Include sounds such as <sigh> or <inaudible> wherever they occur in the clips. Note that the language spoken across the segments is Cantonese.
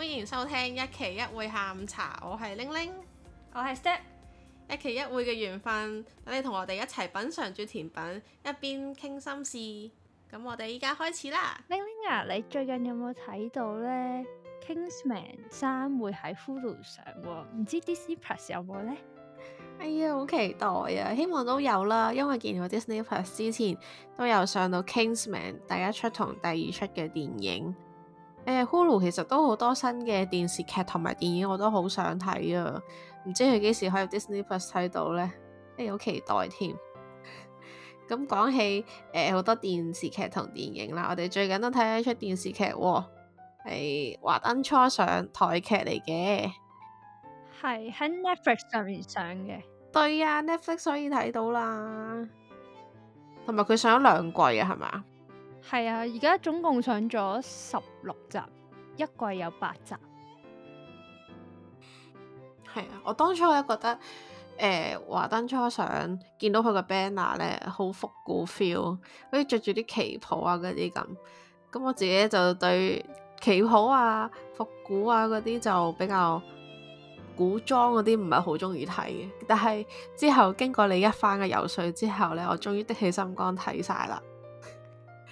歡迎收聽一期一會下午茶，我係玲玲，我係 Step，一期一會嘅緣分，等你同我哋一齊品嚐住甜品，一邊傾心事。咁我哋依家開始啦，玲玲啊，你最近有冇睇到呢 Kingsman 三會喺呼嚕上？唔知 Disney+ 有冇呢？哎呀，好期待啊！希望都有啦，因為見過 Disney+ 之前都有上到 Kingsman 第一出同第二出嘅電影。誒、uh,，Hulu 其實都好多新嘅電視劇同埋電影，我都好想睇啊！唔知佢幾時可以 Disney Plus 睇到呢？都、哎、好期待添。咁 <laughs> 講起誒、好、呃、多電視劇同電影啦，我哋最近都睇咗一出電視劇、啊，係華燈初上台劇嚟嘅，係喺 Netflix 上面上嘅，對啊，Netflix 可以睇到啦，同埋佢上咗兩季啊，係嘛？係啊，而家總共上咗十六集，一季有八集。係啊，我當初咧覺得，誒、呃，華燈初上，見到佢個 banner 咧，好復古 feel，好似着住啲旗袍啊嗰啲咁。咁我自己就對旗袍啊、復古啊嗰啲就比較古裝嗰啲唔係好中意睇嘅。但係之後經過你一番嘅遊說之後咧，我終於的起心肝睇晒啦。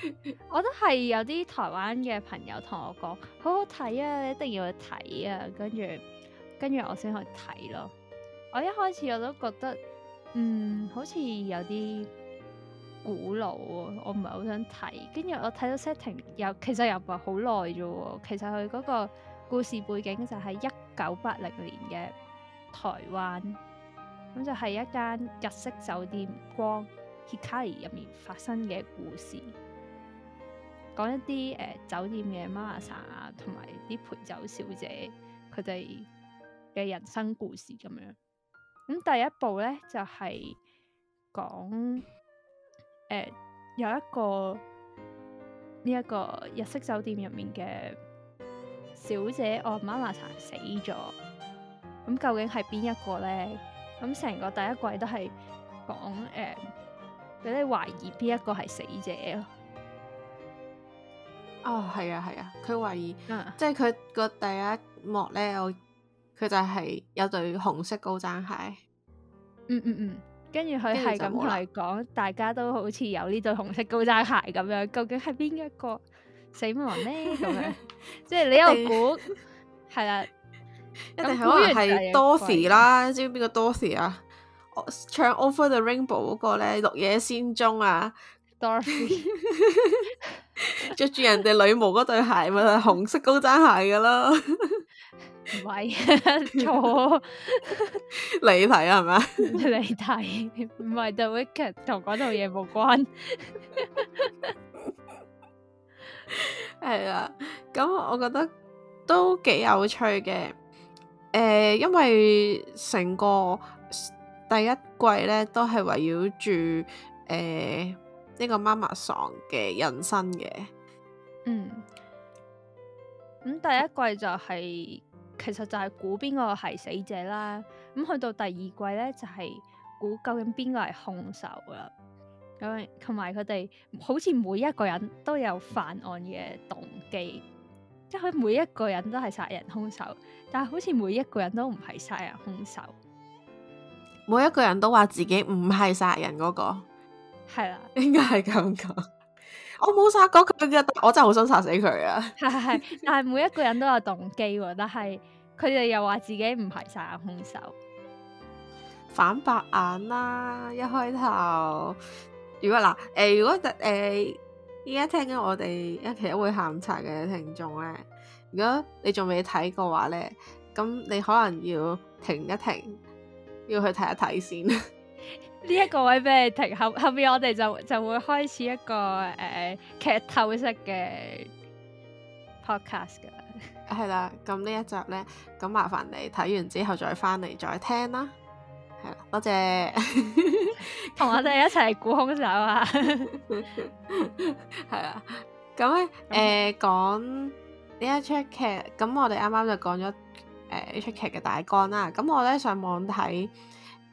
<laughs> 我都係有啲台灣嘅朋友同我講好好睇啊，你一定要去睇啊。跟住跟住我先去睇咯。我一開始我都覺得，嗯，好似有啲古老啊，我唔係好想睇。跟住我睇到 setting 又其實又唔係好耐啫。其實佢嗰個故事背景就係一九八零年嘅台灣，咁就係一間日式酒店光 Hikari 入面發生嘅故事。講一啲誒、呃、酒店嘅媽媽桑啊，同埋啲陪酒小姐佢哋嘅人生故事咁樣。咁、嗯、第一部咧就係講誒有一個呢一、這個日式酒店入面嘅小姐，我媽媽桑死咗。咁、嗯、究竟係邊一個咧？咁、嗯、成個第一季都係講誒，俾、呃、你懷疑邊一個係死者哦，係、oh, 啊，係啊，佢懷疑，uh. 即係佢個第一幕咧，佢就係有對紅色高踭鞋，嗯嗯嗯，嗯嗯跟住佢係咁同你講，大家都好似有呢對紅色高踭鞋咁樣，究竟係邊一個死亡呢？咁， <laughs> 即係你又估係啦，一定係我係 Dorothy 啦， <laughs> 知唔知邊個 Dorothy 啊？唱《Over the Rainbow》嗰個咧，綠野仙蹤啊，Dorothy。着住人哋女模嗰對鞋，咪 <noise> 係紅色高踭鞋噶咯 <laughs> 唔係錯，你睇係咪啊？你睇唔係，但係佢同嗰套嘢冇關。係啦，咁我覺得都幾有趣嘅。誒，因為成個第一季咧都係圍繞住誒。呃呢個媽媽桑嘅人生嘅，嗯，咁第一季就係其實就係估邊個係死者啦，咁去到第二季咧就係估究竟邊個係凶手啦，咁同埋佢哋好似每一個人都有犯案嘅動機，即係佢每一個人都係殺人凶手，但係好似每一個人都唔係殺人凶手，每一個人都話自己唔係殺人嗰個。係啦，應該係咁講， <laughs> 我冇殺過佢嘅，我真係好想殺死佢啊！係係係，但係每一個人都有動機，但係佢哋又話自己唔係殺人兇手，反白眼啦、啊！一開頭，如果嗱，誒、呃，如果誒，依、呃、家聽緊我哋一期一會下午茶嘅聽眾咧，如果你仲未睇過話咧，咁你可能要停一停，要去睇一睇先。呢一個位俾你停，後後面我哋就就會開始一個誒、呃、劇透式嘅 podcast 噶，係啦、啊。咁呢一集咧，咁麻煩你睇完之後再翻嚟再聽啦。係啦，多謝，同 <laughs> 我哋一齊估兇手啊！係啊， <laughs> <laughs> <laughs> 咁誒講呢一出劇剛剛、呃、出劇，咁我哋啱啱就講咗誒一出劇嘅大綱啦。咁我咧上網睇誒，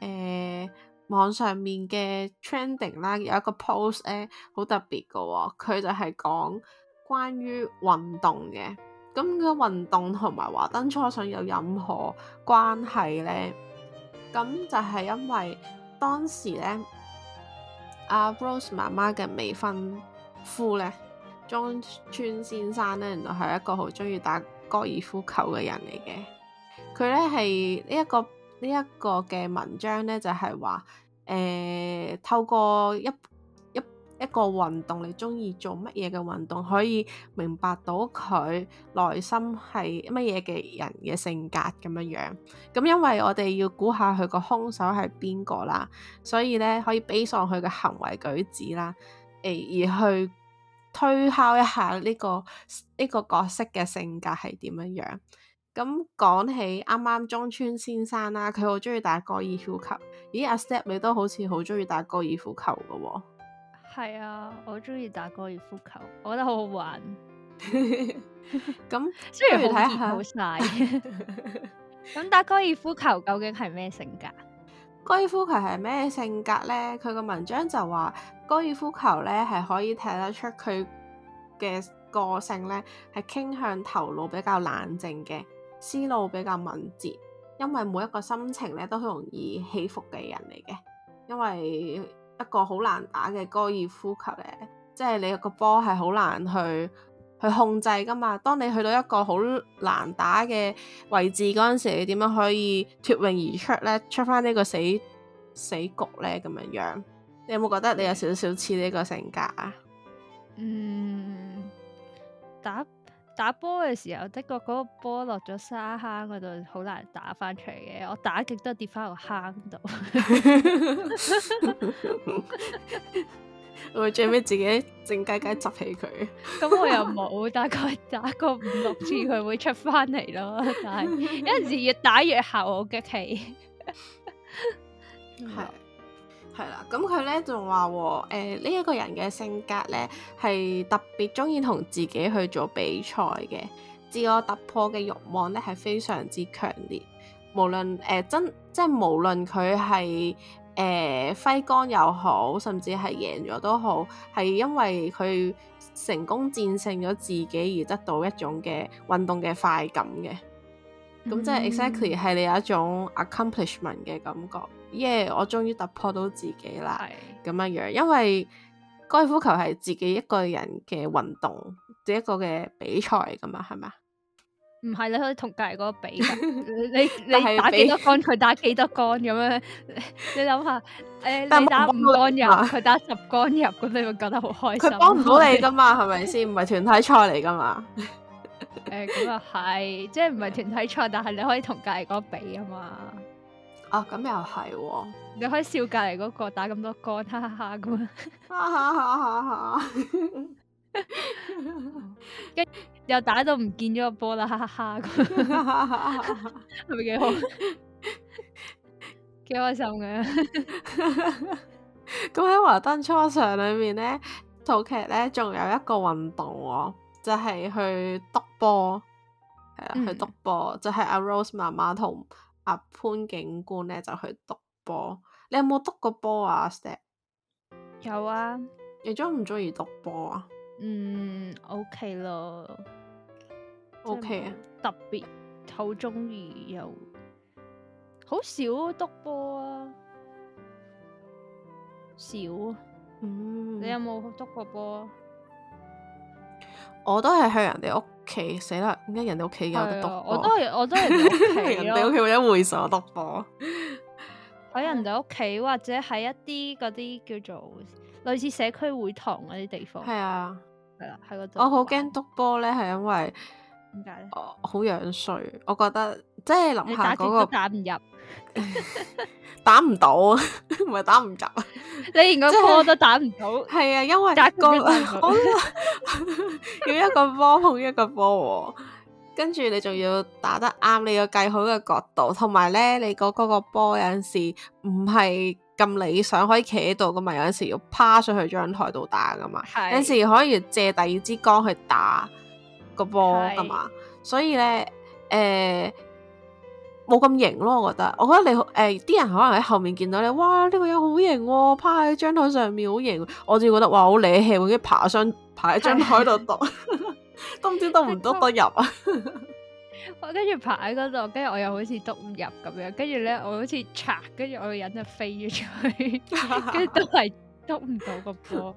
呃呃網上面嘅 trending 啦，有一個 post 咧，好特別嘅喎、哦。佢就係講關於運動嘅，咁、嗯、嘅運動同埋華登初上有任何關係咧？咁、嗯、就係、是、因為當時咧，阿、啊、Rose 媽媽嘅未婚夫咧，莊川先生咧，原來係一個好中意打高爾夫球嘅人嚟嘅。佢咧係呢一、這個。呢一個嘅文章咧，就係話，誒，透過一一一個運動，你中意做乜嘢嘅運動，可以明白到佢內心係乜嘢嘅人嘅性格咁樣樣。咁因為我哋要估下佢個兇手係邊個啦，所以咧可以比上佢嘅行為舉止啦，誒，而去推敲一下呢個呢個角色嘅性格係點樣樣。咁講、嗯、起啱啱中村先生啦、啊，佢好中意打高爾夫球。咦，阿 Step 你都好似好中意打高爾夫球噶喎、哦？係啊，我中意打高爾夫球，我覺得好好玩。咁、 <laughs> 嗯、 <laughs> 雖然睇下好細。咁 <laughs> 打高爾夫球究竟係咩性格？高爾夫球係咩性格呢？佢個文章就話高爾夫球呢係可以睇得出佢嘅個性呢係傾向頭腦比較冷靜嘅，思路比較敏捷，因為每一個心情咧都好容易起伏嘅人嚟嘅。因為一個好難打嘅高爾夫球咧，即係你個波係好難去去控制㗎嘛。當你去到一個好難打嘅位置嗰陣時，你點樣可以脫穎而出咧？出翻呢個死死局咧咁樣樣，你有冇覺得你有少少似呢個性格啊？嗯，打。打波嘅時候，的確嗰個波落咗沙坑嗰度，好難打翻出嚟嘅。我打極都跌翻落坑度 <laughs> <laughs> <laughs> 我最尾自己靜雞雞執起佢。 <laughs> 咁我又冇，大概打個五六次佢 <laughs> 會出翻嚟咯。但係有陣時越打越後，我嘅氣 <laughs> の。 <noise> 係啦，咁佢咧仲話喎，呢一、呃呢個人嘅性格咧係特別中意同自己去做比賽嘅，自我突破嘅慾望咧係非常之強烈。無論誒、呃、真即係無論佢係誒揮桿又好，甚至係贏咗都好，係因為佢成功戰勝咗自己而得到一種嘅運動嘅快感嘅。咁即係 exactly 係你有一種 accomplishment 嘅感覺。耶！Yeah, 我終於突破到自己啦，咁樣是樣，因為高爾夫球係自己一個人嘅運動，自己一個嘅比賽噶嘛，係咪？唔係你可以同隔籬嗰個比， <laughs> 你你打幾多桿，佢打幾多桿咁樣。你諗下，誒，你打五桿、 <laughs> 欸、入，佢打十桿入，咁你會覺得好開心。佢幫唔到你噶嘛，係咪先？唔係團體賽嚟噶嘛。誒、 <laughs> 呃，咁又係，即係唔係團體賽，但係你可以同隔籬嗰個比啊嘛。啊，咁又係喎，你可以笑隔籬嗰個打咁多歌，哈哈哈咁，哈哈哈，哈哈，跟 <laughs> <laughs> 又打到唔見咗個波啦，哈哈哈咁，係咪幾好？幾開 <laughs> 好心嘅。咁喺華燈初上裏面咧，套劇咧仲有一個運動、哦，就係、是、去篤波，係啊，去篤波，就係、是、阿 Rose 媽媽同。阿、啊、潘警官咧就去督波，你有冇督過波啊、Step? s t 有啊。你鍾唔鍾意督波啊？嗯，OK 咯。OK, okay 了別啊，特別好鍾意又，好少督波啊，少啊。嗯，你有冇督過波？我都係去人哋屋企死啦！點解人哋屋企有得篤波？啊、我都係我都係 <laughs> 人哋屋企或者會所篤波。喺人哋屋企或者喺一啲嗰啲叫做類似社區會堂嗰啲地方。係啊，係啦、啊，喺嗰度。我好驚篤波咧，係因為點解？我好樣衰，我覺得即係樓下嗰、那、都、個、打唔入。 <laughs> 打唔不到了，唔 <laughs> 係打唔到，你連個波都打唔到，係啊，因為打光要一個波碰一個波，跟住你仲要打得啱，你要計好個角度，同埋咧，你嗰嗰個波有陣時唔係咁理想，可以企喺度噶嘛，是有陣時要趴上去張台度打噶嘛，有陣時可以借第二支光去打個波噶嘛，所以咧，誒、呃。冇咁型咯，我覺得。我覺得你誒啲、呃、人可能喺後面見到你，哇！呢、呢個人好型喎、啊，趴喺張台上面好型。我只覺得哇，好瀨氣，跟住爬上爬喺張台度篤，的都唔知得唔得得入啊讀！我跟住爬喺嗰度，跟住我又好似篤唔入咁樣，跟住咧我好似擦，跟住我個人就飛咗出去，跟住 <laughs> 都係篤唔到個波。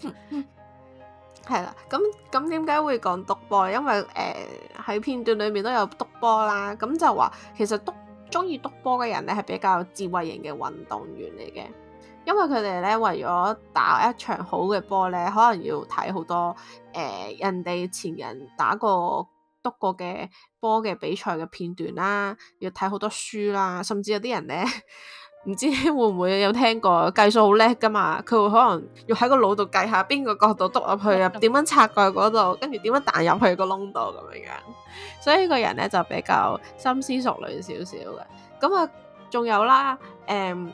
係 <laughs> 啦，咁咁點解會講篤波？因為誒喺片段裏面都有篤波啦。咁就話其實篤。中意篤波嘅人咧，係比較智慧型嘅運動員嚟嘅，因為佢哋咧為咗打一場好嘅波咧，可能要睇好多誒、呃、人哋前人打過篤過嘅波嘅比賽嘅片段啦，要睇好多書啦，甚至有啲人咧。唔知會唔會有聽過計數好叻㗎嘛？佢會可能要喺個腦度計下邊個角度篤入去啊，點樣拆過嗰度，跟住點樣彈入去個窿度咁樣樣。所以個人咧就比較深思熟慮少少嘅。咁啊，仲有啦，誒、嗯、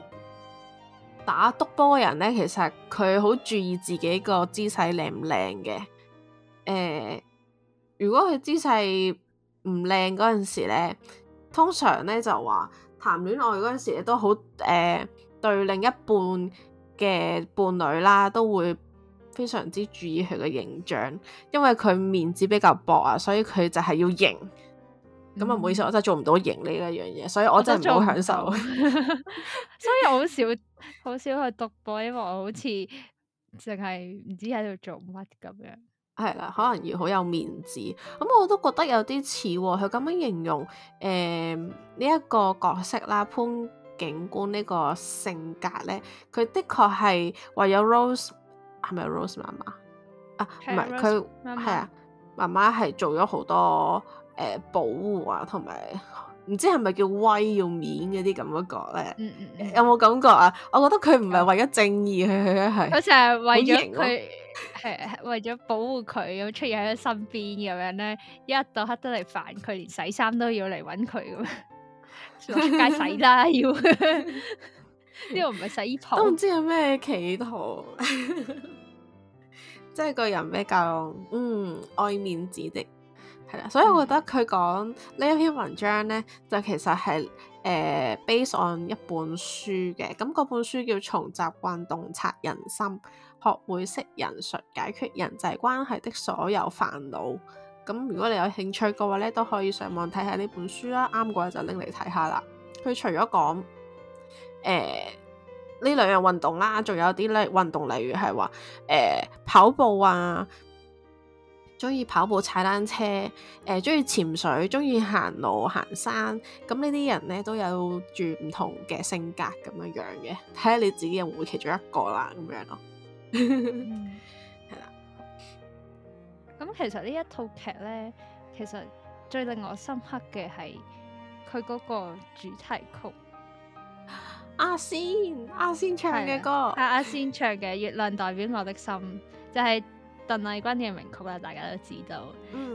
打督波人咧，其實佢好注意自己個姿勢靚唔靚嘅。誒、呃，如果佢姿勢唔靚嗰陣時咧，通常咧就話，談戀愛嗰陣時，都好誒、呃、對另一半嘅伴侶啦，都會非常之注意佢嘅形象，因為佢面子比較薄啊，所以佢就係要型。咁啊、嗯，唔好意思，我真係做唔到型呢一樣嘢，所以我真係唔好享受。所以我好少好少去讀播，因為我好似淨係唔知喺度做乜咁樣。係啦，可能要好有面子，咁、嗯、我都覺得有啲似喎。佢咁樣形容，誒，呢一個角色啦，潘警官呢個性格咧，佢的確係為有 Rose，係咪 Rose 媽媽？啊，唔係佢係啊，媽媽係做咗好多誒、呃、保護啊，同埋。唔知係咪叫威要面嗰啲咁嘅覺咧？嗯、有冇感覺啊？我覺得佢唔係為咗正義去去係，佢成日為咗佢，係為咗保護佢，咁出現喺佢身邊咁樣咧，一日到黑都嚟煩佢，連洗衫都要嚟搵佢咁樣出街洗啦 <laughs> 要，呢個唔係洗衣鋪，都唔知有咩企圖，即 <laughs> 係個人比較嗯愛面子的。所以我覺得佢講呢一篇文章咧，就其實係誒 based on 一本書嘅，咁嗰本書叫《從習慣洞察人心，學會識人術，解決人際關係的所有煩惱》。咁如果你有興趣嘅話咧，都可以上網睇下呢本書啦。啱嘅話就拎嚟睇下啦。佢除咗講誒呢兩樣運動啦，仲有啲咧運動，例如係話誒跑步啊。中意跑步、踩單車，誒、呃，中意潛水，中意行路、行山，咁呢啲人咧都有住唔同嘅性格咁樣樣嘅，睇下你自己有冇其中一個啦，咁樣咯，係啦。咁其實呢一套劇咧，其實最令我深刻嘅係佢嗰個主題曲，阿仙、啊，阿仙、啊、唱嘅歌，係阿仙唱嘅《月亮代表我的心》，就係、是。鄧麗君嘅名曲啦，大家都知道。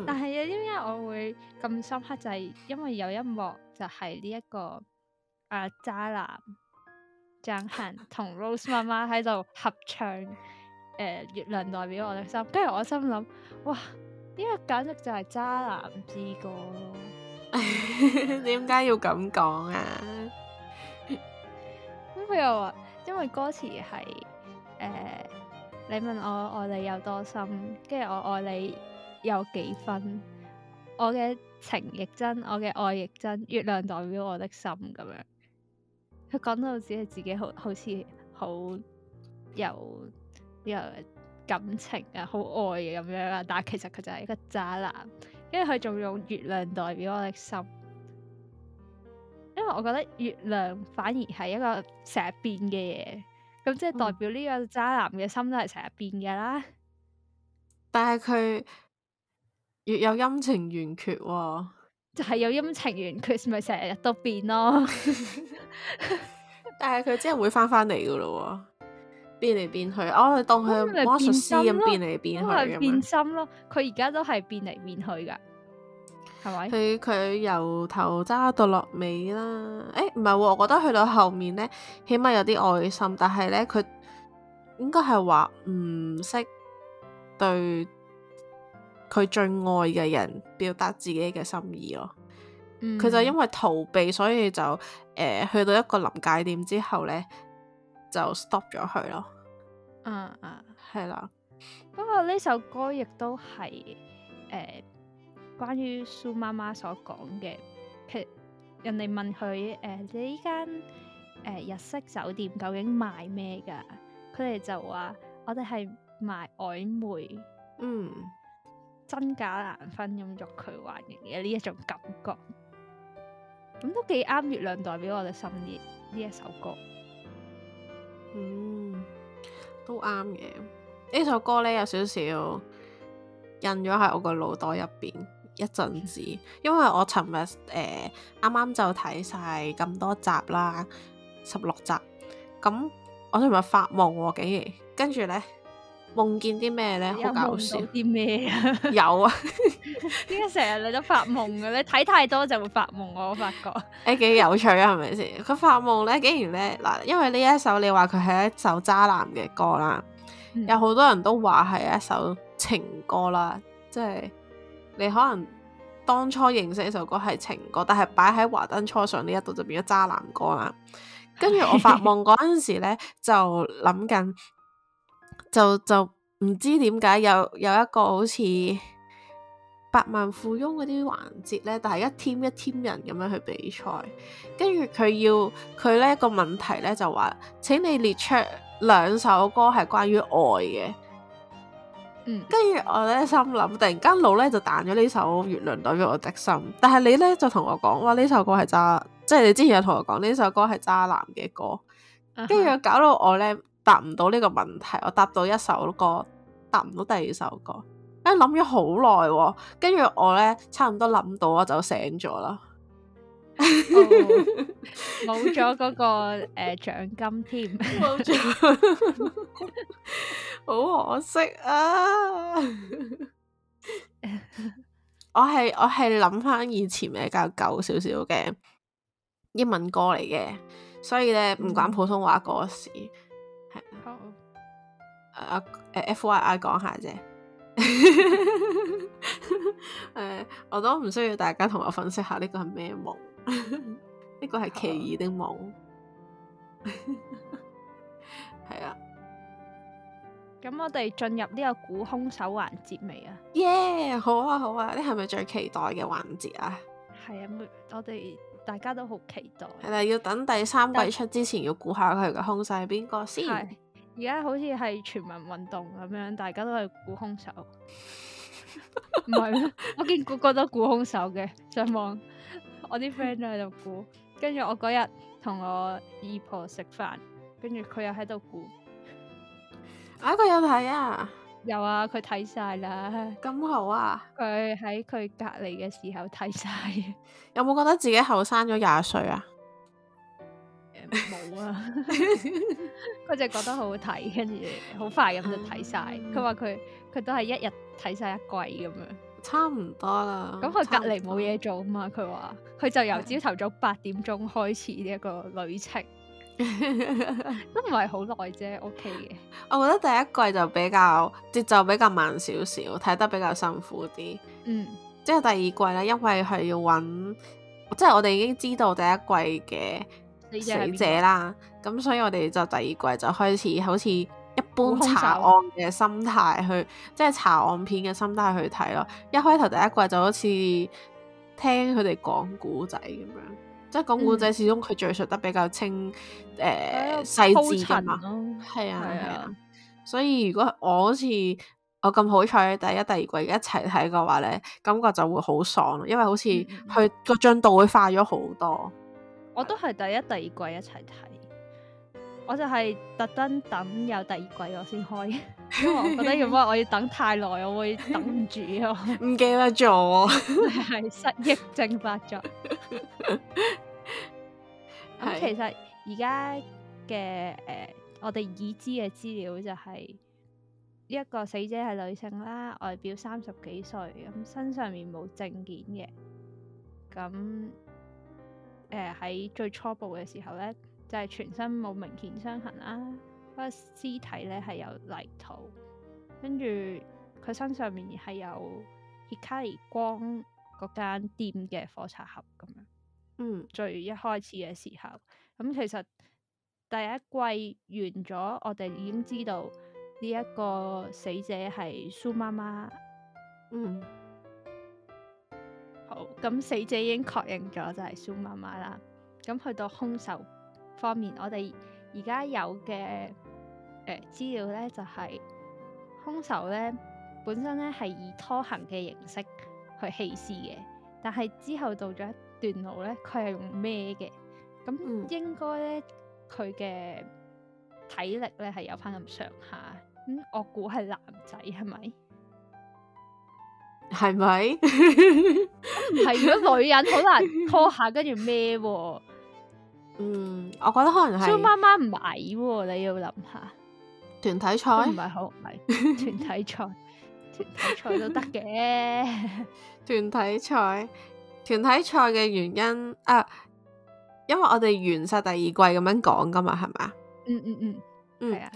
但係點解我會咁深刻，就係、是，因為有一幕就係呢一個誒、啊、渣男鄭恆同 Rose 媽媽喺度合唱誒、呃、月亮代表我的心，跟住我心諗，哇呢、這個簡直就係渣男之歌咯。點 <laughs> 解 <laughs> 要咁講啊？咁佢又話，因為歌詞係誒。呃你問我愛你有多深，跟住我愛你有幾分？我嘅情亦真，我嘅愛亦真。月亮代表我的心咁樣。佢講到只係自己好好似好有有感情啊，好愛嘅咁樣啊，但係其實佢就係一個渣男，跟住佢仲用月亮代表我的心。因為我覺得月亮反而係一個成日變嘅嘢。咁即係代表呢個渣男嘅心都係成日變嘅啦。嗯、但係佢越有陰晴圓缺，就係有陰晴圓缺，咪成日日都變咯。 <laughs> <laughs> 但係佢真係會翻翻嚟噶咯， <laughs> 變嚟變去。哦，係當佢魔術師咁變嚟變變去，變心咯。佢而家都係變嚟變去噶。係咪佢佢由頭揸到落尾啦？誒、欸，唔係喎，我覺得去到後面呢，起碼有啲愛心，但係呢，佢應該係話唔識對佢最愛嘅人表達自己嘅心意咯，哦。佢、嗯、就因為逃避，所以就誒、呃、去到一個臨界點之後呢，就 stop 咗佢咯。嗯的啊，係啦。不過呢首歌亦都係關於蘇媽媽所講嘅，譬如人哋問佢誒、呃，你依間、呃、日式酒店究竟賣咩㗎？佢哋就話：我哋係賣曖昧，嗯，真假難分咁，欲拒還迎嘅呢一種感覺。咁都幾啱。月亮代表我嘅心意呢一首歌，嗯，都啱嘅。呢首歌呢，有少少印咗喺我個腦袋入邊。一陣子，因為我尋日誒啱啱就睇晒咁多集啦，十六集，咁我尋日發夢喎、啊，竟然跟住咧夢見啲咩咧？好搞笑！啲咩啊？ <laughs> 有啊！點解成日你都發夢嘅？你睇太多就會發夢、啊、我發覺誒幾 <laughs> 有趣啊，係咪先？佢發夢咧，竟然咧嗱，因為呢一首你話佢係一首渣男嘅歌啦，嗯、有好多人都話係一首情歌啦，即係。你可能當初認識呢首歌係情歌，但係擺喺華登初上呢一度就變咗渣男歌啦。跟住我發夢嗰陣時咧， <laughs> 就諗緊，就就唔知點解有有一個好似百萬富翁嗰啲環節咧，但係一 team 一 team 人咁樣去比賽，跟住佢要佢呢個問題咧就話：請你列出兩首歌係關於愛嘅。跟住、嗯、我咧心諗，突然間腦咧就彈咗呢首《月亮代表我的心》，但係你咧就同我講，哇，呢首歌係渣，即係你之前有同我講呢首歌係渣男嘅歌，跟住搞到我咧答唔到呢個問題，我答到一首歌，答唔到第二首歌，哎諗咗好耐，跟住、哦、我咧差唔多諗到我就醒咗啦。冇咗嗰個誒呃，獎金添，冇咗，好可惜啊。 <laughs> 我！我係我係諗翻以前比較舊少少嘅英文歌嚟嘅，所以咧唔關普通話嘅事。好誒 FYI 講下啫。誒，我都唔需要大家同我分析下呢個係咩夢。呢個係奇異的夢，係啊。咁我哋進入呢個估兇手環節未啊？耶，好啊，好啊！呢係咪最期待嘅環節啊？係啊，我哋大家都好期待。係啦，要等第三季出之前，要估下佢嘅兇手係邊個先。而家好似係全民運動咁樣，大家都係估兇手。唔係咯，我見個個都估兇手嘅上網。我啲 friend 都喺度估，跟住我嗰日同我姨婆食飯，跟住佢又喺度估。啊，佢有睇啊？有啊，佢睇晒啦。咁好啊？佢喺佢隔籬嘅時候睇晒。嗯嗯、有冇、啊、 <laughs> <laughs> 覺得自己後生咗廿歲啊？冇啊，佢就覺得好好睇，跟住好快咁就睇晒。佢話佢佢都係一日睇晒一季咁樣，嗯。差唔多啦。咁佢隔籬冇嘢做啊嘛，佢話。佢就由朝頭早八點鐘開始呢一個旅程， <laughs> 都唔係好耐啫，OK 嘅。我覺得第一季就比較節奏比較慢少少，睇得比較辛苦啲。嗯，即係第二季咧，因為係要揾，即係我哋已經知道第一季嘅死者啦，咁所以我哋就第二季就開始好似一般查案嘅心態去，即係查案片嘅心態去睇咯。一開頭第一季就好似。聽佢哋講古仔咁樣，即係講古仔，始終佢敘述得比較清，誒細致噶嘛，係啊係啊。所以如果我好似我咁好彩，第一、第二季一齊睇嘅話咧，感覺就會好爽，因為好似佢個進度會快咗好多。嗯嗯啊，我都係第一、第二季一齊睇。我就係特登等有第二季我先開，因為我覺得如果我要等太耐，我會等唔住咯。唔記得咗，係失憶症發作 <laughs> 。咁是的 其實而家嘅誒，我哋已知嘅資料就係呢一個死者係女性啦，外表三十幾歲，咁身上面冇證件嘅。咁誒喺最初步嘅時候咧。就係全身冇明顯傷痕啦，啊，不過那個屍體咧係有泥土，跟住佢身上面係有 Hikari 光嗰間店嘅火柴盒咁樣。嗯，最一開始嘅時候咁，其實第一季完咗，我哋已經知道呢一個死者係蘇媽媽。嗯，好，咁，死者已經確認咗就係蘇媽媽啦。咁去到兇手。方面，我哋而家有嘅誒資料咧，就係、是、兇手咧本身咧係以拖行嘅形式去棄屍嘅，但係之後到咗一段路咧，佢係用孭嘅，咁應該咧佢嘅體力咧係有翻咁上下，咁、嗯、我估係男仔係咪？係咪？係如果女人好難拖下，跟住孭喎。嗯，我覺得可能係。超媽媽唔矮喎，你要諗下。團體賽唔係好，唔係 <laughs> 團， <laughs> 團體賽，團體賽都得嘅。團體賽，團體賽嘅原因啊，因為我哋完晒第二季咁樣講㗎嘛，係咪啊？嗯嗯嗯，係啊。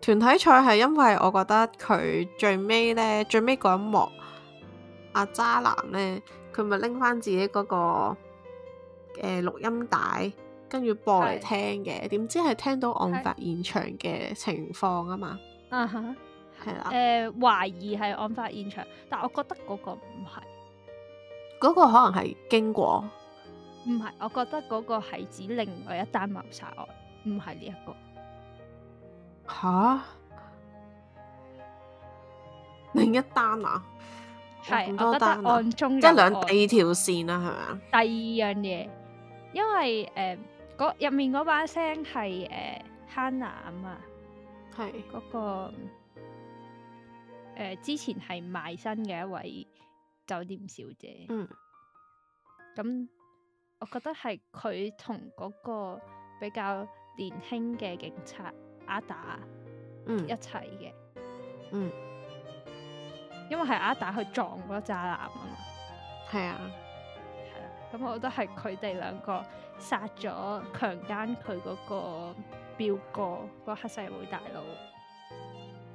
團體賽係因為我覺得佢最尾咧，最尾嗰一幕阿、啊、渣男咧，佢咪拎返自己嗰、那個誒、呃、錄音帶。跟住播嚟聽嘅，點是知係聽到案發現場嘅情況啊嘛，啊哈，係啦，誒懷疑係案發現場，但我覺得嗰個唔係，嗰個可能係經過，唔係、嗯，我覺得嗰個係指另外一單謀殺案，唔係呢一個，吓？另一單啊，係、 <laughs> <laughs> 啊，我覺得中一案中即係兩第二條線啦，係咪啊？第二樣嘢，因為誒。呃入面嗰把聲係誒 Hannah 啊，係嗰個、呃、之前係賣身嘅一位酒店小姐。嗯，咁我覺得係佢同嗰個比較年輕嘅警察阿達一齊嘅，嗯，嗯，因為係阿達去撞嗰渣男啊嘛，係啊，係啊、嗯，咁我覺得係佢哋兩個。殺咗強姦佢嗰個表哥、嗰個黑社會大佬，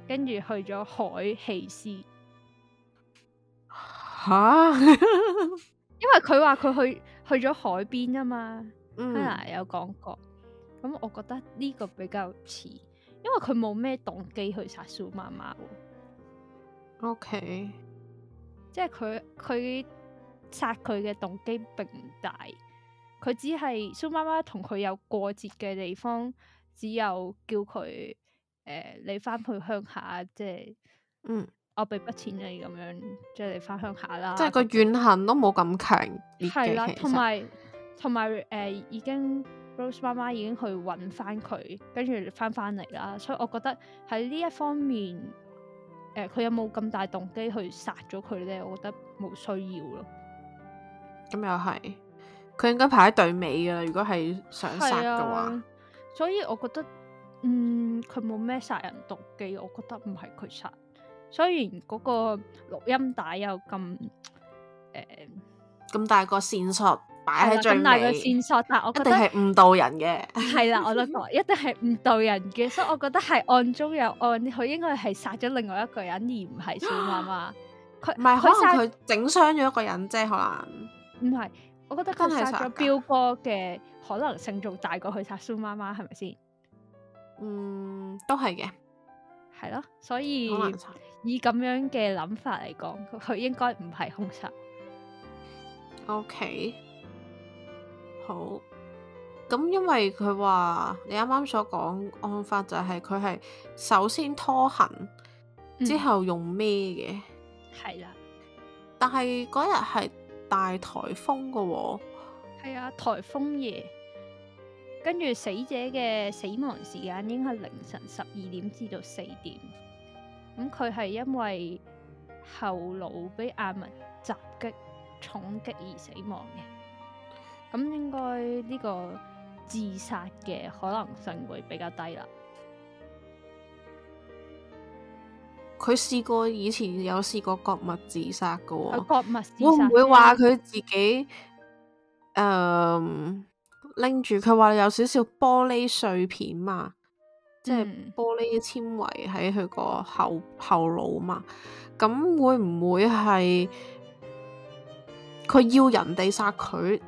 跟住去咗海棄屍。吓，因為佢話佢去去咗海邊啊嘛，阿娜有講過，咁我覺得呢個比較似，因為佢冇咩動機去殺蘇媽媽。O K，即係佢佢殺佢嘅動機並唔大。佢只係蘇媽媽同佢有過節嘅地方，只有叫佢誒你翻去鄉下，即係嗯，我俾筆錢你咁樣，即係你翻鄉下啦。即係個怨恨都冇咁強烈嘅，其實同埋同埋誒已經 Rose 媽媽已經去揾翻佢，跟住翻翻嚟啦。所以我覺得喺呢一方面，誒、呃、佢有冇咁大動機去殺咗佢咧？我覺得冇需要咯。咁又係。佢應該排喺隊尾㗎啦，如果係想殺嘅話，啊。所以，我覺得，嗯，佢冇咩殺人毒計，我覺得唔係佢殺。雖然嗰個錄音帶又咁，誒、呃，咁大個線索擺喺張地，啊、大線索，但係我覺得係誤導人嘅。係啦、啊，我諗 <laughs> 一定係誤導人嘅，所以我覺得係案中有案，佢應該係殺咗另外一個人，而唔係蘇媽媽。佢唔係可能佢整傷咗一個人啫，可能唔係。我覺得佢殺咗彪哥嘅可能性仲大過去殺蘇媽媽，係咪先？嗯，都係嘅，係咯。所以以咁樣嘅諗法嚟講，佢應該唔係兇手。OK，好。咁因為佢話你啱啱所講案發就係佢係首先拖行，嗯、之後用咩嘅？係啦的。但係嗰日係。大颱風噶喎、哦，係啊颱風夜，跟住死者嘅死亡時間應該係凌晨十二點至到四點，咁佢係因為後腦俾硬物襲擊重擊而死亡嘅，咁、嗯、應該呢個自殺嘅可能性會比較低啦。佢試過以前有試過割脈自殺嘅喎、哦，我唔會話佢自己，誒拎住佢話有少少玻璃碎片嘛，即係、嗯、玻璃嘅纖維喺佢個後後腦嘛，咁會唔會係佢要人哋殺佢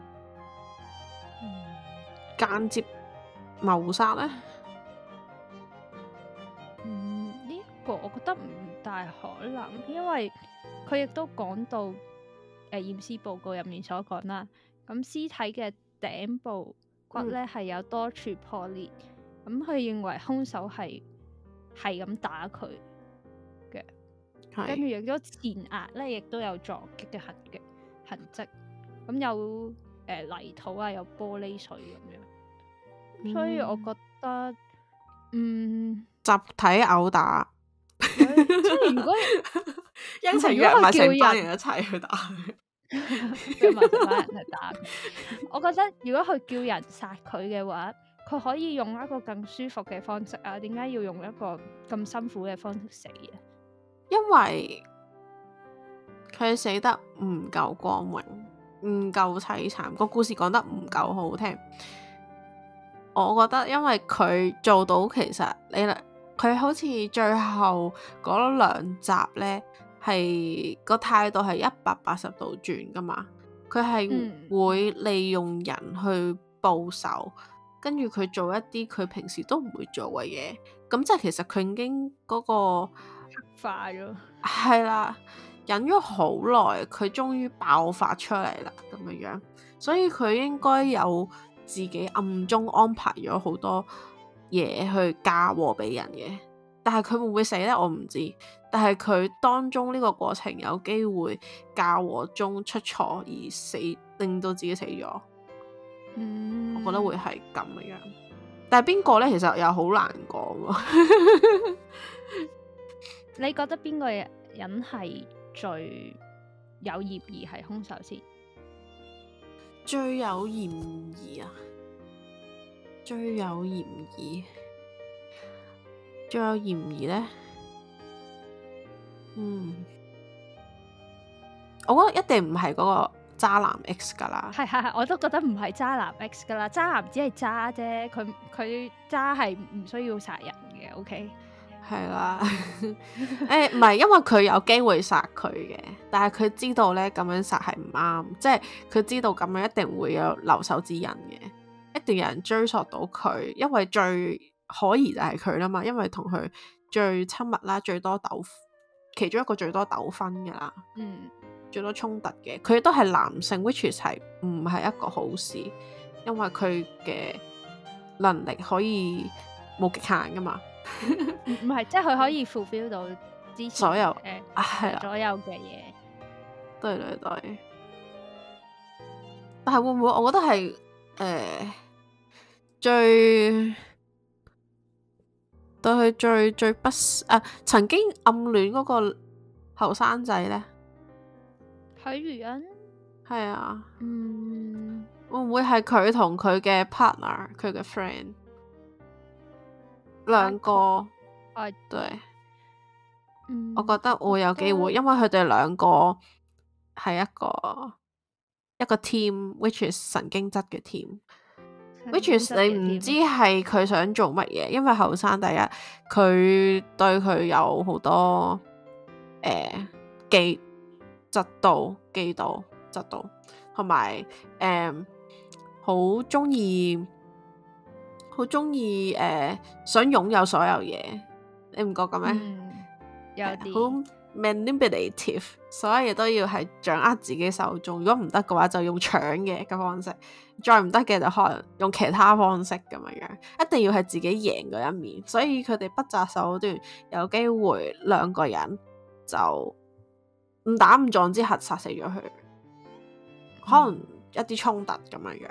間接謀殺咧？嗯我覺得唔大可能，因為佢亦都講到誒驗屍報告入面所講啦。咁屍體嘅頂部骨咧係、嗯、有多處破裂，咁、嗯、佢認為兇手係係咁打佢嘅，跟住是有咗前額咧亦都有撞擊嘅痕跡痕跡，咁、嗯、有誒、呃、泥土啊，有玻璃水咁、啊、樣。所以我覺得，嗯，嗯集體毆打。如果 <laughs> 因成日叫人一齊去打佢，我覺得如果佢叫人殺佢嘅話，佢可以用一個更舒服嘅方式啊？點解要用一個咁辛苦嘅方式死啊？因為佢死得唔夠光榮，唔夠悽慘，個故事講得唔夠好聽。我覺得因為佢做到，其實你。佢好似最後嗰兩集呢，係個態度係一百八十度轉噶嘛。佢係會利用人去報仇，嗯、跟住佢做一啲佢平時都唔會做嘅嘢。咁即係其實佢已經嗰個發咗，係啦了，忍咗好耐，佢終於爆發出嚟啦，咁嘅樣。所以佢應該有自己暗中安排咗好多。嘢去嫁禍俾人嘅，但係佢會唔會死呢？我唔知，但係佢當中呢個過程有機會嫁禍中出錯而死，令到自己死咗，嗯、我覺得會係咁嘅樣。但係邊個呢？其實又好難講。 <laughs> 你覺得邊個人係最有嫌疑係兇手先？最有嫌疑啊？最有嫌疑，最有嫌疑呢？嗯，我覺得一定唔係嗰個渣男 X 噶啦，係 <noise> 啊 musician、嗯，我都覺得唔係渣男 X 噶啦，渣男只係渣啫，佢佢渣係唔需要殺人嘅，OK，係啦，誒，唔係因為佢有機會殺佢嘅，但係佢知道呢，咁樣殺係唔啱，即係佢知道咁樣一定會有留守之人嘅。定有人追索到佢，因為最可疑就係佢啦嘛，因為同佢最親密啦，最多鬥，其中一個最多鬥分嘅啦，嗯，最多衝突嘅，佢都係男性，which 係唔係一個好事，因為佢嘅能力可以冇極限噶嘛，唔 <laughs> 係，即係佢可以 fulfill 到之前所有誒係啦，所有嘅嘢，對對對，但係會唔會？我覺得係誒。呃最對佢最最，最不，啊、曾經暗戀嗰個後生仔呢，許如恩係啊，嗯，會唔會係佢同佢嘅 partner，佢嘅 friend 兩個？誒，I do. 對，嗯，我覺得會有機會，嗯，因為佢哋兩個係一個一個 team，which is 神經質嘅 team。which <music> 你唔知係佢想做乜嘢，因為後生第一，佢對佢有好多誒、呃、忌質度忌度質度，同埋誒好中意好中意誒想擁有所有嘢，你唔覺嘅咩、嗯？有啲。Yeah, Manipulative，所有嘢都要係掌握自己手中。如果唔得嘅話，就用搶嘅一個方式；再唔得嘅就可能用其他方式咁樣樣。一定要係自己贏嗰一面，所以佢哋不擇手段，有機會兩個人就唔打唔撞之下殺死咗佢。可能一啲衝突咁樣樣，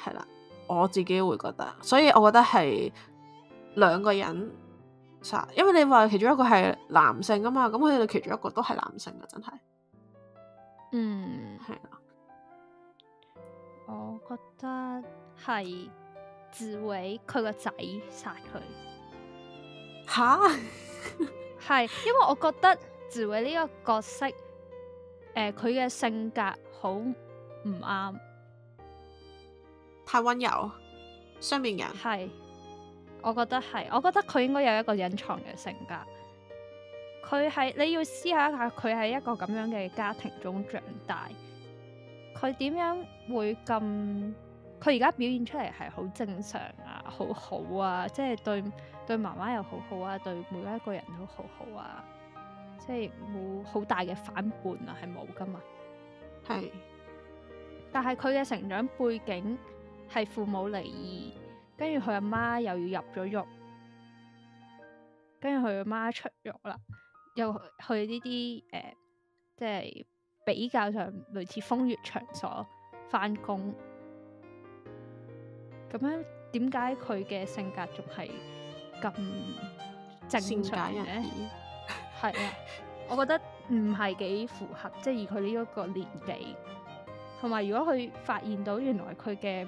係啦。我自己會覺得，所以我覺得係兩個人。殺，因為你話其中一個係男性㗎嘛，咁佢哋其中一個都係男性啊，真係。嗯，係啦的。我覺得係自偉佢個仔殺佢。吓蛤？係， <laughs> <laughs> 因為我覺得自偉呢個角色，佢、呃、嘅性格好唔啱，太溫柔，雙面人。係。我覺得係，我覺得佢應該有一個隱藏嘅性格。佢係你要思考一下，佢喺一個咁樣嘅家庭中長大，佢點樣會咁？佢而家表現出嚟係好正常啊，好好啊，即係對對媽媽又好好啊，對每一個人都好好啊，即係冇好大嘅反叛啊，係冇㗎嘛。係是、嗯，但係佢嘅成長背景係父母離異。跟住佢阿媽又要入咗獄，跟住佢阿媽出獄啦，又去呢啲誒，即係比較上類似風月場所返工。咁樣點解佢嘅性格仲係咁正常嘅？係啊， <laughs> 我覺得唔係幾符合，即係以佢呢一個年紀，同埋如果佢發現到原來佢嘅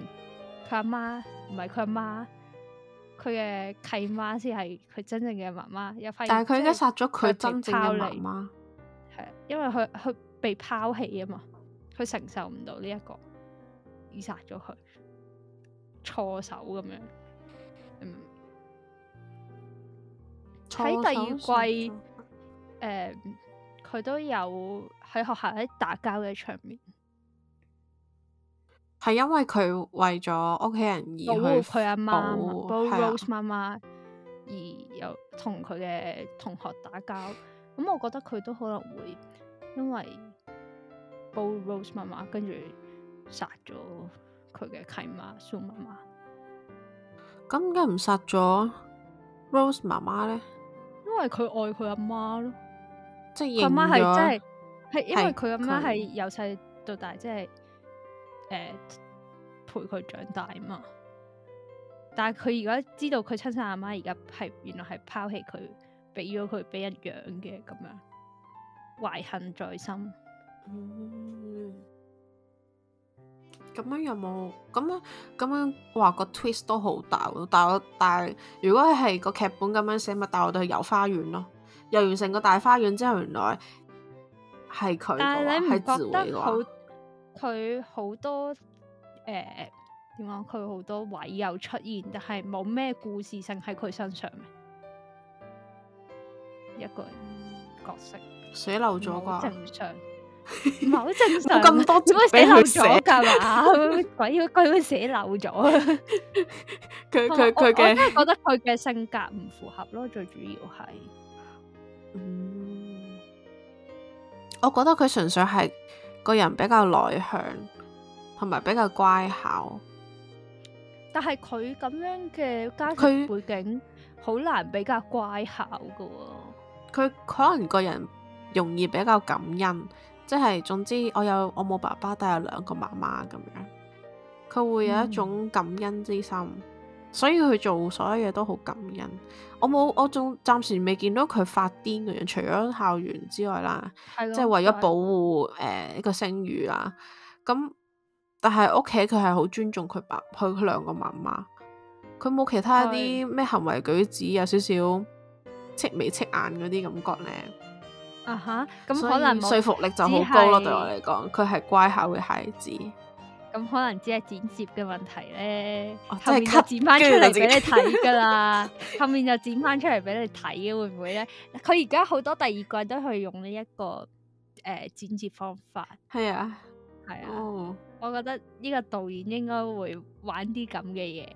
佢阿媽。唔係佢阿媽，佢嘅契媽先係佢真正嘅媽媽。一翻，但係佢應該殺咗佢真正嘅媽媽，係因為佢佢被拋棄啊嘛，佢承受唔到呢一個，而殺咗佢，錯手咁樣。嗯，喺錯手 第二季，誒錯手、嗯，佢都有喺學校喺打交嘅場面。係因為佢為咗屋企人而保護佢阿媽，保護 Rose 媽媽而有同佢嘅同學打交。咁 <coughs> 我覺得佢都可能會因為保護 Rose 媽媽，跟住殺咗佢嘅契媽蘇媽媽。咁點解唔殺咗 Rose 媽媽咧？為媽媽因為佢愛佢阿媽咯，即係阿媽係真係係因為佢阿媽係由細到大即係。就是呃、陪佢長大嘛？但係佢而家知道佢親生阿媽而家係原來係拋棄佢，俾咗佢俾人養嘅咁樣，懷恨在心。嗯、咁樣有冇咁樣咁樣話、個 twist 都好大？但係但係如果係個劇本咁樣寫咪帶我哋去遊花園咯？遊完成個大花園之後，原來係佢，但係你佢好多誒，點、呃、講？佢好多位有出現，但係冇咩故事性喺佢身上。一個角色寫漏咗啩？正常唔係好正常咁 <laughs> 多寫，點解寫漏咗噶？鬼要佢會寫漏咗？佢佢佢嘅覺得佢嘅性格唔符合咯，最主要係，嗯、我覺得佢純粹係。個人比較內向，同埋比較乖巧，但係佢咁樣嘅家庭背景他，好難比較乖巧噶喎。佢可能個人容易比較感恩，即、就、係、是、總之我，我有我冇爸爸，但有兩個媽媽咁樣，佢會有一種感恩之心。嗯所以佢做所有嘢都好感恩，我冇我仲暫時未見到佢發癲嘅樣，除咗校園之外啦，的即係為咗保護誒的、呃、一個聲譽啦。咁、嗯、但係屋企佢係好尊重佢爸佢佢兩個媽媽，佢冇其他啲咩行為舉止的有少少戚眉戚眼嗰啲感覺咧。啊哈、uh！咁、huh. 可能說服力就好高咯，是對我嚟講，佢係乖巧嘅孩子。咁可能只係剪接嘅問題咧，啊、後面就剪翻出嚟俾、啊、級你睇噶啦， <laughs> 後面就剪翻出嚟俾你睇嘅會唔會咧？佢而家好多第二季都係用呢、這、一個誒、呃、剪接方法，係啊，係啊，哦、我覺得呢個導演應該會玩啲咁嘅嘢。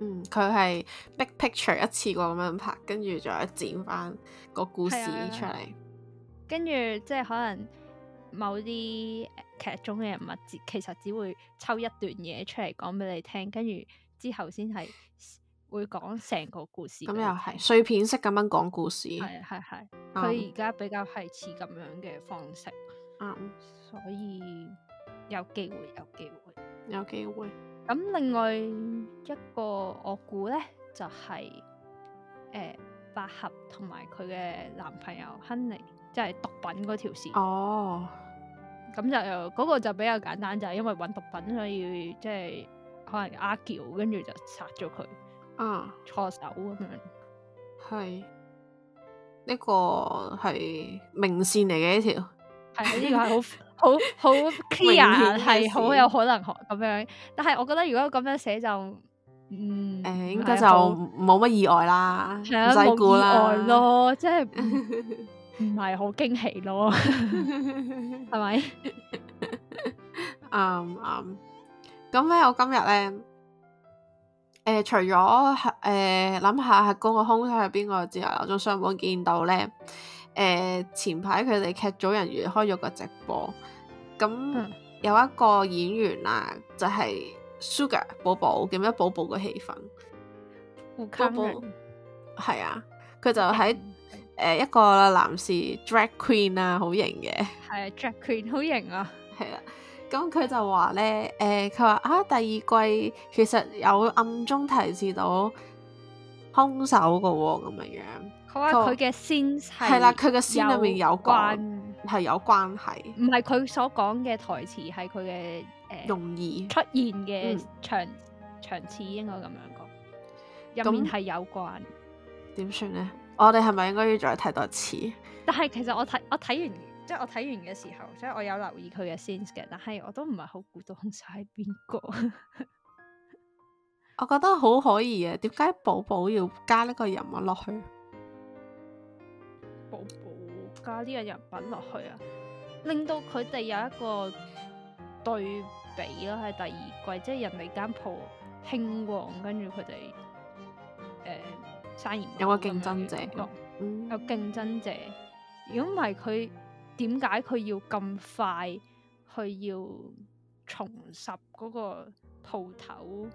嗯，佢係 big picture 一次過咁樣拍，跟住再剪翻個故事出嚟、啊啊，跟住即係可能。某啲劇中嘅人物，只其實只會抽一段嘢出嚟講俾你聽，跟住之後先係會講成個故事 <laughs> 對對對。咁又係碎片式咁樣講故事。係係係，佢而家比較係似咁樣嘅方式。啱， <laughs> 所以有機會，有機會，有機會。咁另外一個我估咧，就係誒百合同埋佢嘅男朋友亨利。即係毒品嗰條線哦，咁、oh. 就嗰、那個就比較簡單，就係、是、因為揾毒品，所以即係可能阿叫，跟住就殺咗佢啊，錯手咁樣。係呢、這個係明線嚟嘅一條，係呢、 <laughs> 這個係 <laughs> 好好好 clear，係好 <laughs> 有可能咁樣。 <laughs> 但係我覺得如果咁樣寫就，嗯，誒該，應該就冇乜意外啦，唔使估啦，即係。 <laughs> 唔係好驚喜咯，係 <laughs> 咪 <laughs> 吧？啱啱咁咧，我今日咧，誒、呃、除咗誒諗下嗰個兇手係邊個之外，我仲上網見到咧，誒、呃、前排佢哋劇組人員開咗個直播，咁、嗯、有一個演員啊，就係、是、Sugar 寶寶，叫咩？寶寶嘅氣氛，寶寶係啊，佢就喺、嗯。誒，一個男士 drag queen 啊，好型嘅。係啊，drag queen 好型啊。係啦、啊，咁、嗯、佢就話咧，誒、呃，佢話啊，第二季其實有暗中提示到兇手噶、哦，咁樣樣。佢話佢嘅線係，係啦說，佢嘅線裏面有關，係有關係。唔係佢所講嘅台詞，係佢嘅誒，容易出現嘅場場次，應該咁樣講。入面係有關，點算咧？我哋係咪應該要再睇多次？但係其實我睇我睇完即係、就是、我睇完嘅時候，即、就、係、是、我有留意佢嘅 sense 嘅，但係我都唔係好估到係邊個。 <laughs> 我覺得好可疑啊！點解寶寶要加呢個人物落去？寶寶加呢個人物落去啊，令到佢哋有一個對比咯。喺第二季，即係人哋間鋪興旺，跟住佢哋誒。呃個有個競爭者，嗯、有競爭者。如果唔係佢，點解佢要咁快去要重拾嗰個鋪頭？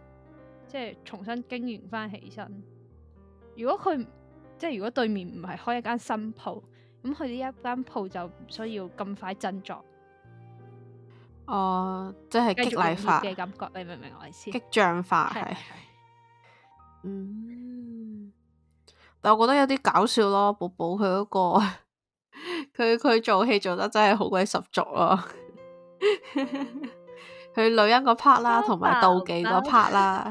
即係重新經營翻起身。如果佢即係如果對面唔係開一間新鋪，咁佢呢一間鋪就唔需要咁快振作。哦，即係激勵法嘅感覺，你明唔明我意思？激將法係 <laughs> 嗯。但我覺得有啲搞笑咯，寶寶佢嗰個佢佢做戲做得真係好鬼十足咯，佢 <laughs> 女人個 part 啦，同埋妒忌個 part 啦，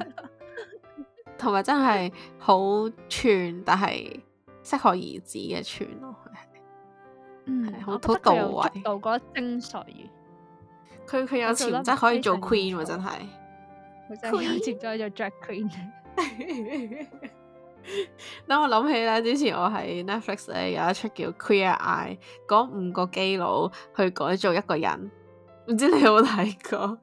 同埋 <laughs> 真係好串，但係適可而止嘅串咯，嗯，好到位，到嗰精髓，佢佢有潛質可以做 queen，真係，佢又接咗做 drag queen。 <laughs> 等我諗起啦，之前我喺 Netflix 咧有一出叫《Queer Eye》，嗰五個基佬去改造一個人，唔知你有冇睇過？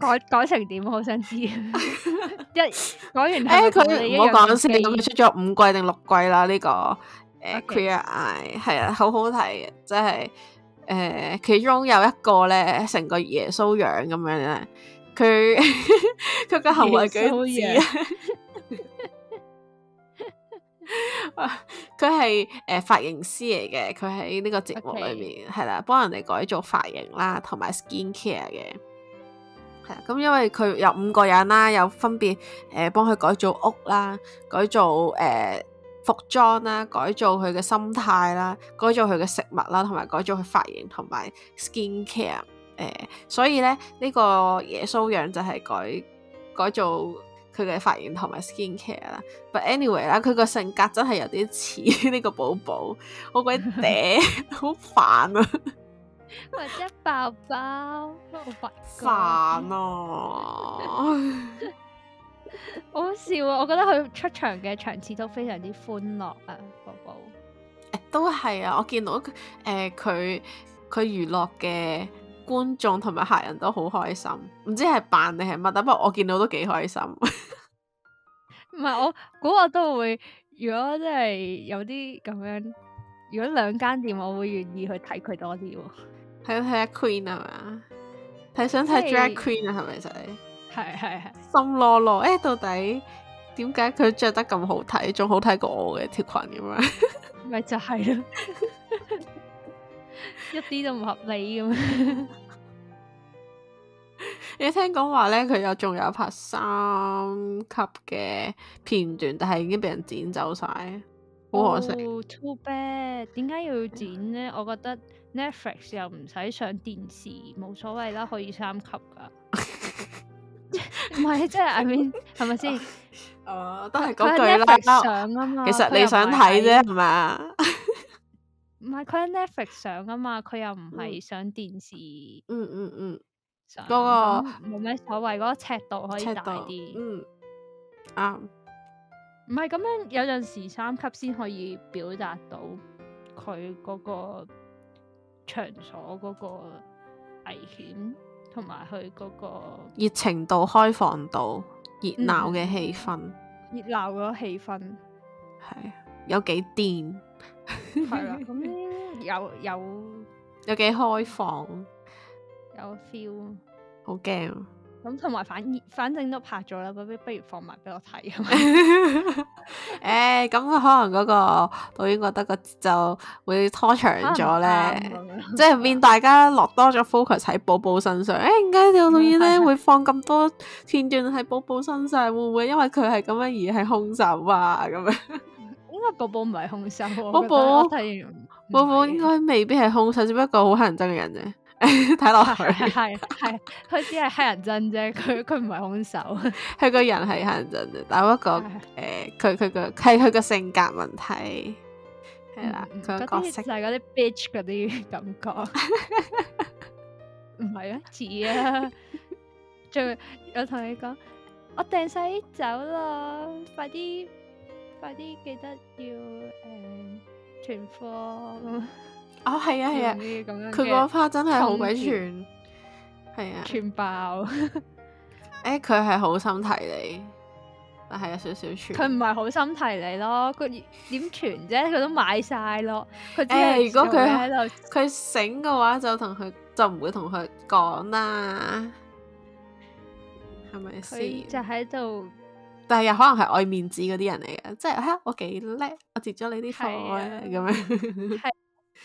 改改成點？好想知。 <laughs> 一講完是是、欸，誒，佢我好講先。咁憶出咗五季定六季啦？呢、這個誒，Okay. 欸《Queer Eye》係啊，好好睇，真係。誒，其中有一個咧，成個耶穌樣咁樣咧，佢佢個行為舉止。穌 <laughs> 佢係，誒髮型師嚟嘅，佢喺呢個節目裏面係啦，幫 Okay. 人哋改造髮型啦，同埋 skin care 嘅。係啦，咁因為佢有五個人啦，有分別誒幫佢改造屋啦，改造誒、呃、服裝啦，改造佢嘅心態啦，改造佢嘅食物啦，同埋改造佢髮型同埋 skin care 誒、呃，所以咧呢、呢個耶穌樣就係改改造。佢嘅髮型同埋 skin care 啦，but anyway 啦，佢個性格真係有啲似呢個寶寶，好鬼嗲，好、oh、煩啊！或者寶寶，好煩，啊！好笑，啊！我覺得佢出場嘅場次都非常之歡樂啊，寶寶。欸、都係啊！我見到誒佢佢娛樂嘅觀眾同埋客人都好開心，唔知係扮定係乜，但不過我見到都幾開心。唔係我估，我都會如果真係有啲咁樣，如果兩間店我會願意去睇佢多啲。睇 Drag Queen 係嘛？睇想睇 Drag Queen 係咪先？係係係，是是是心囉囉，誒、欸，到底點解佢着得咁好睇，仲好睇過我嘅條裙咁樣？咪就係咯，一啲都唔合理咁 <laughs> 你聽講話咧，佢又仲有拍三級嘅片段，但係已經俾人剪走晒，好可惜。Oh, too bad，點解要剪咧？我覺得 Netflix 又唔使上電視，冇所謂啦，可以三級噶。唔係， <laughs> <laughs> 即係 I mean，係咪先？哦、 <laughs> <laughs> 啊，都係嗰句啦。Netflix 上啊嘛，其實你想睇啫，係咪？唔係，佢喺 Netflix 上啊嘛，佢又唔係上電視。嗯嗯嗯。嗯嗯嗯嗯嗰個冇咩所謂，嗰個尺度可以大啲。嗯，啱、嗯。唔係咁樣，有陣時三級先可以表達到佢嗰個場所嗰個危險，同埋佢嗰個熱情度、開放度、熱鬧嘅氣氛，熱鬧嘅氣氛係有幾癲。係啦， <laughs> 咁有有有幾開放。有 feel，好驚啊！咁同埋，反反正都拍咗啦，不如放埋俾我睇啊！誒，咁可能嗰個導演覺得個節奏會拖長咗咧， <laughs> 即係變大家落多咗 focus 喺寶寶身上。誒、欸，點解個導演咧 <laughs> 會放咁多片段喺寶寶身上，會唔會因為佢係咁樣而係凶手啊？咁 <laughs> 樣，應該寶寶唔係凶手，寶寶寶，寶寶應該未必係凶手，只不過好乞人憎嘅人啫。睇落 <laughs> 下去係係， <laughs> 佢只係乞人憎啫，佢佢唔係兇手，佢 <laughs> 個人係乞人憎啫，但係我覺誒，佢佢個係佢個性格問題係啦，佢嘅、嗯、角色嗰啲 bitch 嗰啲感覺，唔 <laughs> 係啊，似啊，仲 <laughs> 有同你講，我訂晒走咯，快啲快啲記得要誒存貨咁。呃哦，係啊，係啊，佢嗰 part 真係好鬼串，係啊，串爆。誒、 <laughs> 欸，佢係好心提你，但係有少少串。佢唔係好心提你咯，佢點串啫？佢都買晒咯，佢只係、欸、如果佢喺度，佢醒嘅話就同佢就唔會同佢講啦，係咪先？就喺度，是是但係又可能係愛面子嗰啲人嚟嘅，即係吓我幾叻，我接咗你啲貨咁樣。 <laughs>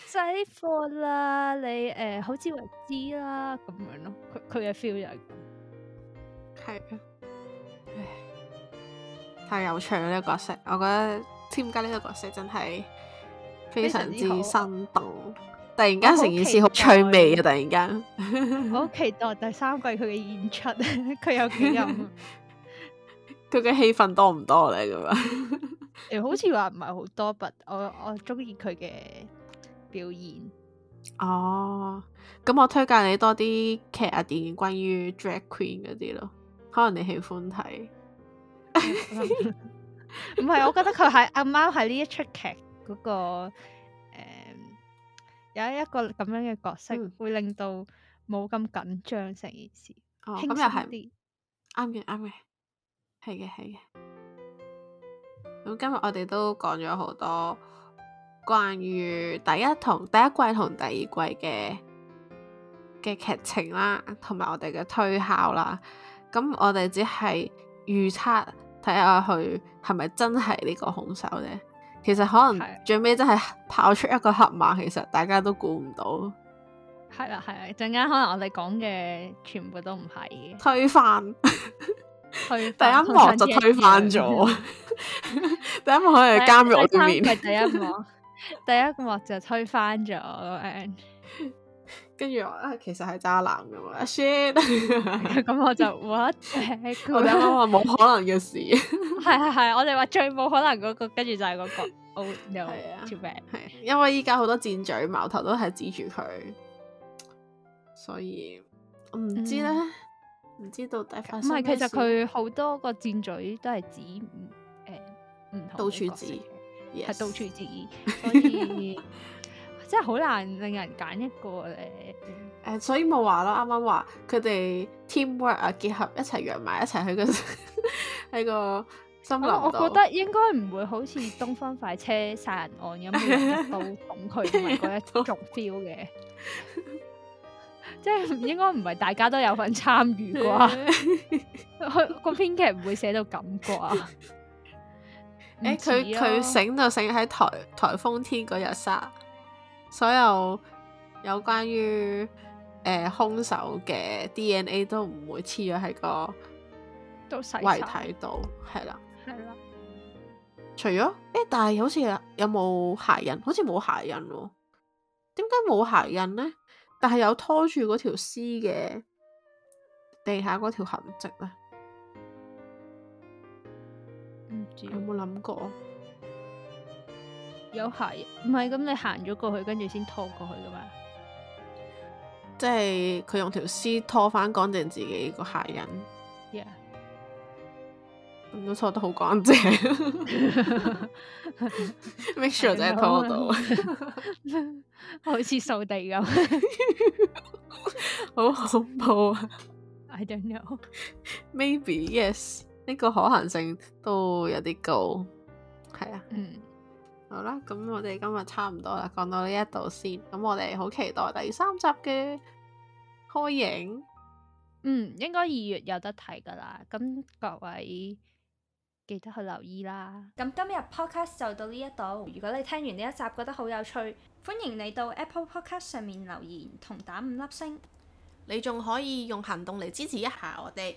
仔貨啦，你誒、呃，好似為知啦，咁樣咯。佢佢嘅 feel 就係咁，係啊，太有趣呢、呢個角色，我覺得添加呢個角色真係非常之生動。突然間成件事好趣味啊！突然間，我好期待第三季佢嘅演出，佢 <laughs> 有幾人？佢嘅戲份多唔多咧？咁 <laughs> 啊、欸，好似話唔係好多 but，我我中意佢嘅。.表演哦，咁、oh, 我推介你多啲劇啊電影，關於 drag queen 嗰啲咯，可能你喜歡睇。唔係， <laughs> <laughs> 我覺得佢係阿貓喺呢一出劇嗰個誒、嗯、有一個咁樣嘅角色會，會令到冇咁緊張成件事，哦，輕鬆啲。啱嘅，啱、嗯、嘅，係嘅，係、嗯、嘅。咁、嗯嗯嗯嗯、今日我哋都講咗好多。關於第一同第一季同第二季嘅嘅劇情啦，同埋我哋嘅推敲啦，咁、嗯、我哋只係預測睇下佢係咪真係呢個兇手咧？其實可能最尾真係跑出一個黑馬，其實大家都估唔到。係啦係啦，陣間可能我哋講嘅全部都唔係嘅，推翻， <laughs> 推翻第一幕就推翻咗， <laughs> <laughs> 第一幕可能監獄對面係第一幕。 <laughs> 第一幕就推翻咗，跟住 <laughs> 我啊，其實係渣男㗎嘛，咁、啊、 <laughs> 我就我我哋講話冇可能嘅事，係係係，我哋話最冇可能嗰個，跟住就係嗰個有。l d t w 因為依家好多箭嘴矛頭都係指住佢，所以我唔知咧，唔知到底發生。 <laughs> 係，其實佢好多個箭嘴都係指，誒、欸，唔、嗯嗯、到處指。係到處置，Yes. <laughs> 所以真係好難令人揀一個誒誒，uh, 所以咪話咯，啱啱話佢哋 teamwork 啊，合結合一齊約埋一齊去、那個喺 <laughs> 個森林度。我覺得應該唔會好似《東方快車殺人案》咁入到咁。佢唔係嗰一種 feel 嘅，即 <laughs> 係 <laughs> <laughs> 應該唔係大家都有份參與啩？佢個編劇唔會寫到咁啩？ <laughs> 誒，佢佢醒就醒喺台颱風天嗰日殺，所有有關於誒兇手嘅 DNA 都唔會黐咗喺個遺體度，係啦，係啦了。了除咗誒、欸，但係好似有冇鞋印？好似冇鞋印喎，啊，點解冇鞋印呢？但係有拖住嗰條屍嘅地下嗰條痕跡啦。有冇諗過？有鞋唔係咁，你行咗過去，跟住先拖過去噶嘛？即係佢用條絲拖翻乾淨自己個鞋印。Yeah，都拖、嗯、得好乾淨。Make sure 真係拖到，好似掃地咁，好恐怖啊 <laughs> I don't know. Maybe yes. 呢個可行性都有啲高，係啊，嗯，好啦，咁我哋今日差唔多啦，講到呢一度先，咁我哋好期待第三集嘅開影，嗯，應該二月有得睇噶啦，咁各位記得去留意啦。咁今日 podcast 就到呢一度，如果你聽完呢一集覺得好有趣，歡迎你到 Apple Podcast 上面留言同打五粒星，你仲可以用行動嚟支持一下我哋。